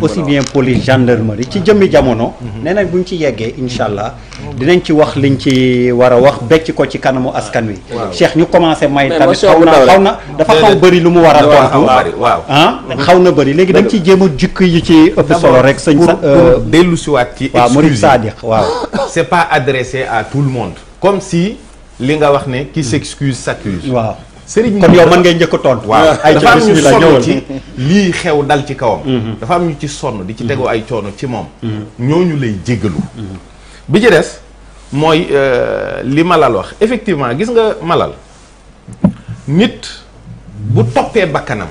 aussi bien police gendarmerie ci jëmmi jamono. Mhm. nee nañ buñ ci yeggee incha allah dinañ ci wax liñ ci war a wax becc ko ci kanamu askan wi. Cheikh ñu commencé may tamit xaw na xaw na dafa xaw bëri lu mu war a tontu. Ah, xaw na bëri léegi dañ ciy jéem a jukk yi ci ëpp solo rek. sëñ sa pour euh, dellu si waat ci. waaw Mouride Sadiq waaw. c'est pas adressé à tout le monde. comme si li nga wax ne. qui s'excuse s'accuse. waaw. sëriñ kon yow mën ngay njëkk a tontu. waaw ay dafa am ñu sonn lii xew dal ci kawam. Mhm. dafa am ñu ci sonn di ci tegoo mhm. ay coono ci moom. Mhm. ñu lay jéggalu. bi ci des mooy euh, li Malal wax effectivement gis nga Malal nit bu toppee bakkanam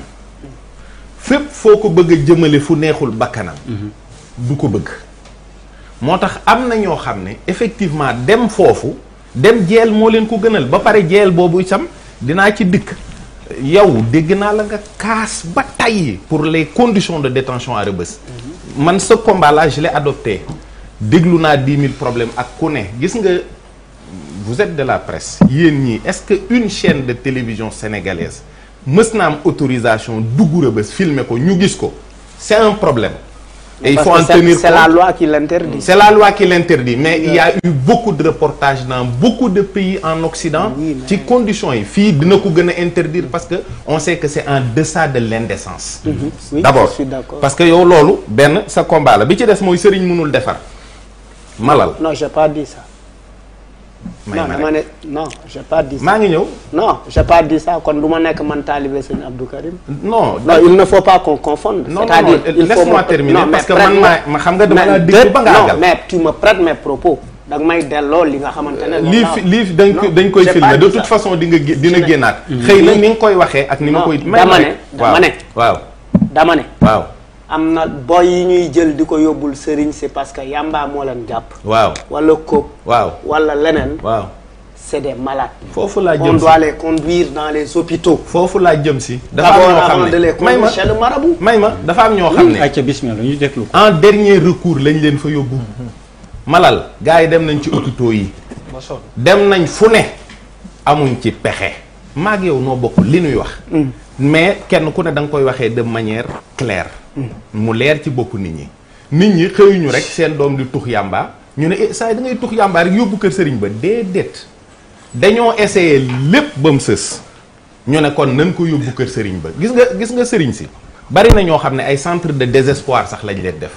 fépp foo ko bëgg a jëmale fu neexul bakkanam. du ko bëgg. moo tax am na ñoo xam ne effectivement dem foofu dem jeel moo leen ko gënal ba pare jeel boobu itam. dinaa ci dikk yow dégg naa la nga kaas ba tey pour les conditions de détention à Rebeuss man ce combat là je l'ai déglu naa dix mille problèmes ak ku ne gis nga vous êtes de la presse yéen ñii est-ce que une chaîne de télévision sénégalaise mës na am autorisation dugg Rebeuss filmer ko ñu gis ko c'est un problème Et il faut C'est la loi qui l'interdit. la loi qui l'interdit. Mais oui. il y a eu beaucoup de reportages dans beaucoup de pays en Occident. Ci conditions yi fii dina ko gën a interdire parce que on sait que c'est un deçà de l'indécence. Mm -hmm. oui, d'abord je suis d'accord parce que yow loolu benn sa combat la bi ci des mooy sëriñ mënul defar malal. Non, non dama ne non j'ai pas dit ça. maa ngi ñëw. non j'ai pas dit ça kon du ma nekk man taalibe sëñ Abdou Karim. non non il ne faut pas qu'on c'est-à-dire il faut terminer parce que man ma xam nga dama la digg ba nga àggal. non mais tu me prêtes mes propos. da may delloo li nga xamante ne. lii fi lii dañ koy dañ koy filmer de toute façon di nga dina génnaat. Mm-hmm. xëy na ni nga koy waxee ak ni ma koy. may dama ne dama ne waaw waaw waaw. am na boy yi ñuy jël di ko yóbbul sëriñ c'est parce que yàmbaa moo leen jàpp. waaw wala kóob. waaw wala leneen. waaw c'est des malades. foofu laa jëm si on doit les les hôpitaux. foofu laa jëm si. dafa am ñoo xam ne may mm. ma may ma dafa am ñoo xam ne. acca bismillah ñu déglu ko. en dernier recours lañ leen fa yóbbu. malal gars yi dem nañ ci hôpitaux yi. dem nañ fu ne. amuñ ci pexe. maag yow noo bokk li ñuy wax. Mm. mais kenn ku ne da nga koy waxee de manière claire. mu leer ci bopp nit ñi nit ñi xëyuñu rek seen doom di tux yàmba ñu ne eh saa da ngay tux yàmba rek yóbbu kër sëriñ ba déedéet dañoo essayé lépp ba mu sës ñu ne kon nan ko yóbbu kër sëriñ ba gis nga gis nga sëriñ si bari na ñoo xam ne ay centre de désespoir sax lañ leen def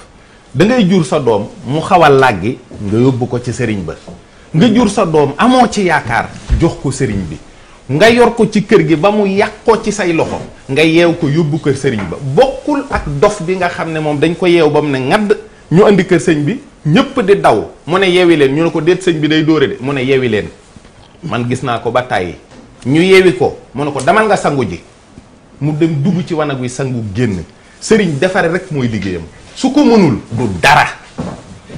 da ngay jur sa doom mu xaw a làggi nga yóbbu ko ci sëriñ ba nga jur sa doom amoo ci yaakaar jox ko sëriñ bi nga yor ko ci kër gi ba mu yàq ko ci say loxo nga yeew ko yóbbu kër sëriñ ba bokkul ak dof bi nga xam ne moom dañ ko yeew ba mu ne ŋadd ñu andi kër sëñ bi ñëpp di daw mu ne yeewi leen ñu ne ko déet sëñ bi day dóore de mu ne yeewi leen man gis naa ko ba tàyyi ñu yeewi ko mu ne ko damal nga sangu ji mu dem dugg ci wanag wi sangu génn sëriñ defare rek mooy liggéeyam su ko mënul du dara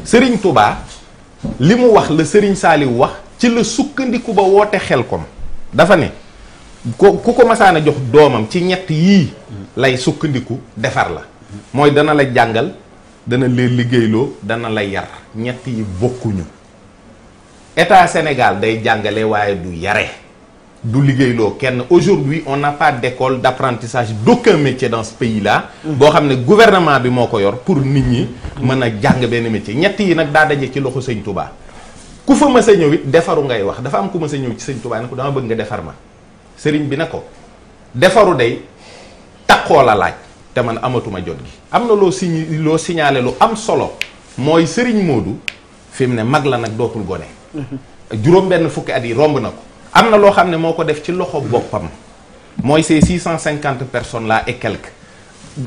sëriñ Touba li mu wax la sëriñ saaliw wax ci la sukkandiku ba woote xel kom dafa ne ku ku ko masaan a jox doomam ci ñett yii lay sukkandiku defar la mooy dana la jàngal dana la liggéeyloo dana la yar ñett yi bokkuñu état Sénégal day jàngale waaye du yare du liggéeyloo kenn aujourd'hui on n'a pas d'école d'apprentissage d'aucun métier dans ce pays là boo xam ne gouvernement bi moo ko yor pour nit ñi mën a jàng benn métier ñett yi nag daa daje ci loxo sëñ Touba ku fa ma a ñëw it defaru ngay wax dafa am ku mës a ñëw ci sëñ Tuubaa ne ko dama bëgg nga defar ma sëriñ bi ne ko defaru day takkoo la laaj te man amatuma jot gi am na loo siñ loo signalé lu am solo mooy sëriñ Modou fi mu ne mag la nag dootul gone juróom benn fukki at yi romb na ko am na loo xam ne moo ko def ci loxo boppam mooy ces six cent cinquante personnes là et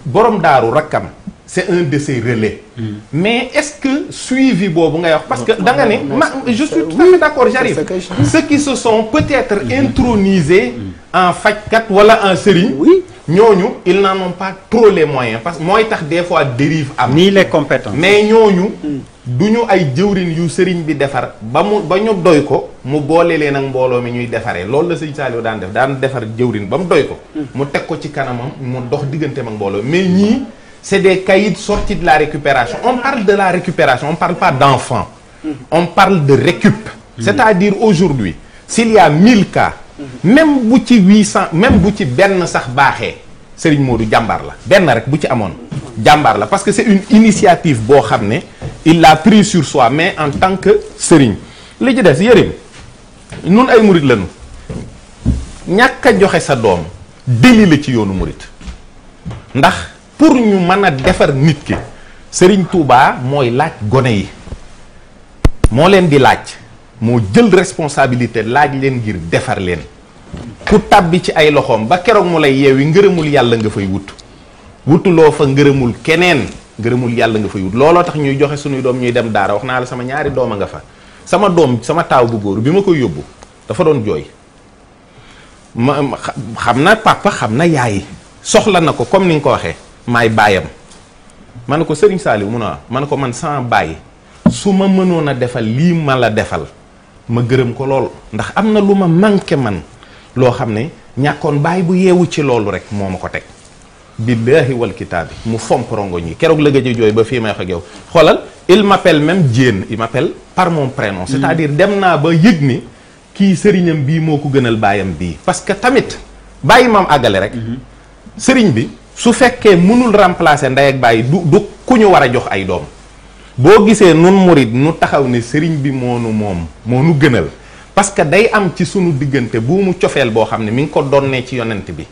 borom daaru rakkam c'est un de ses relais. Hmm. mais est-ce que suivi boobu ngay wax. parce que danga ne ma je suis tout à fait d'accord j'arrive. ceux qui se peut-être hmm. intronisés. Hmm. en fajkat wala en sëriñ. ñooñu ils na ont pas trop les moyens parce que mooy tax des fois dérive am. ni les compétences. mais ñooñu. du ñu ay jëwrin yu sëriñ bi defar ba mu ba ñu doy ko mu boole leen ak mbooloo mi ñuy defaree loolu la sëñ Saliou daan def daan defar jëwrin ba mu doy ko. mu teg ko ci kanamam mu dox digganteem ak mbooloo mais ñii. c'est des caïds sortis de la récupération. On parle de la récupération, on ne parle pas d'enfants. On parle de récup. C'est-à-dire aujourd'hui, s'il y a 1000 cas, même bu ci cent même bu ci benn sax baaxee Serigne Modou jàmbaar la benn rek bu ci amoon jàmbaar la parce que c'est une initiative boo xam ne il l'a pris sur soit mais en tant que Serigne li ci des Yérim nun ay murit lañu ñàkk joxe sa doom déli ci yoonu murit ndax pour ñu mën a defar nit ki sëriñ Touba mooy laaj gone yi moo leen di laaj moo jël responsabilité laaj leen ngir defar leen ku tàbbi ci ay loxoom ba keroog mu lay yeewi ngërëmul yàlla nga fay wut wutuloo fa ngërëmul keneen ngërëmul yàlla nga fay looloo tax ñuy joxe suñuy doom ñuy dem daara wax naa la sama ñaari doom a nga fa sama doom sama taaw bu góor bi ma koy yóbbu dafa doon jooy ma xam na papa xam na yaay soxla na ko comme ni nga ko waxee maay baayam man ne ko sëriñ Saliou mu ne ma ne ko man sama bàyyi su ma mënoon a defal lii ma la defal ma gërëm ko lool ndax am na lu ma manqué man loo xam ne ñàkkoon baay bu yeewu ci loolu rek moo ma ko teg billaahi wal kitaabi mu fomp rongo ñi keroog la gëj jooy ba fii may wax ak xoolal il m'appelle même Diène il m'appelle par mon prénom hmm. c'est-à-dire dem naa ba yëg ni kii sëriñam bii moo ko gënal baayam bii parce que tamit bàyyi maam àggale rek hmm. sëriñ bi su fekkee mënul remplacer ndey ak bàyyi du du ku ñu war a jox ay doom boo gisee nun murit nu taxaw ne sëriñ bi moonu moom moo gënal parce que day am ci sunu diggante bu mu cofeel boo xam ne mu ngi ko donnee ci yonent bi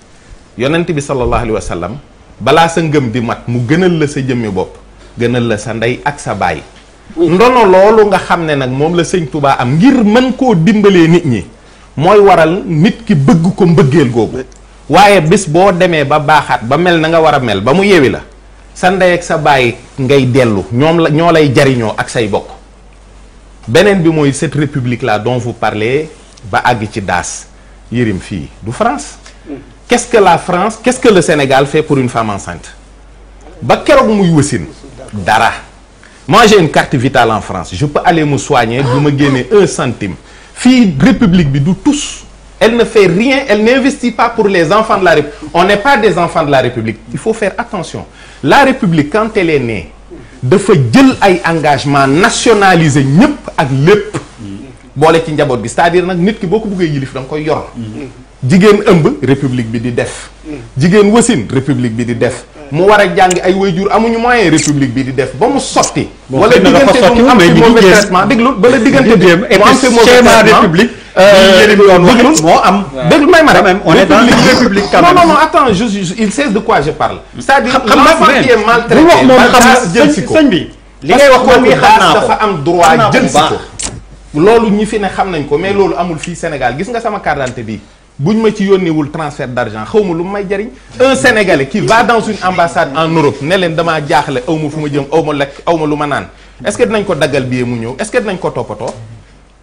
yonent bi sallallahu alayhi wa sallam balaa sa ngëm di mat mu gënal la sa jëmmi bopp gënal la sa ndey ak sa baay ndono loolu nga xam ne nag moom la sëñ Touba am ngir mën koo dimbalee nit ñi mooy waral nit ki bëgg ko mbëggeel googu waaye bis boo demee ba baaxaat ba mel na nga war a mel ba mu yewi la sa ndey ak sa baay ngay dellu ñoom la ñoo lay jariñoo ak say bokk beneen bi mooy cette république la dont vous parlez ba àgg ci daas yërim fii du France qu'est-ce que la France qu'est-ce que le Sénégal fait pour une femme enceinte ba keroog muy wasin dara moi j'ai une carte vitale en France je peux aller me soigner du ma génne un centime fii république bi du tous elle ne fait rien elle n'investit pas pour les enfants de la République on n'est pas des enfants de la République il faut faire attention la République quand elle dafa jël ay engagement nationaliser ñëpp ak lépp boole ci njaboot bi cest à nag nit ki boo ko bëggee yilif da ko koy yor jigéen ëmb république bi di def jigéen wasin république bi di def mu war a jàng ay wayjur amuñu moyen république bi di def ba mu sotti wala diggante bu mu am bi mu am fi mauvais traitement république Euh, dëgg moo am. dëgg may ma rek on est ko sëñ bi. wax ko mi xam naa ko dafa am droit loolu ñi fi ne xam nañ ko mais loolu amul fii Sénégal gis nga sama carte d'identité bi buñ ma ci yónneewul transfert d'argent xaw ma lu may jariñ un sénégalais qui va dans ambassade en Europe ne leen damaa jaaxle aw ma fu ma jëm aw ma lekk aw ma lu ma naan est-ce que dinañ ko daggal billet mu ñëw est-ce que dinañ ko toppatoo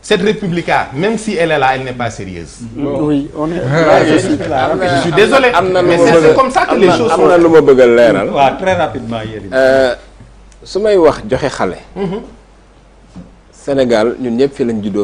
cette république-là, même si elle est là, elle pas sérieuse. Mm-hmm. Bon. Oui, on est ah, là. Ah, am na lu ma bëgg a leeral. Mm-hmm. Euh, su may wax joxe xale. Mm-hmm. Sénégal ñun ñëpp fi lañ juddoo.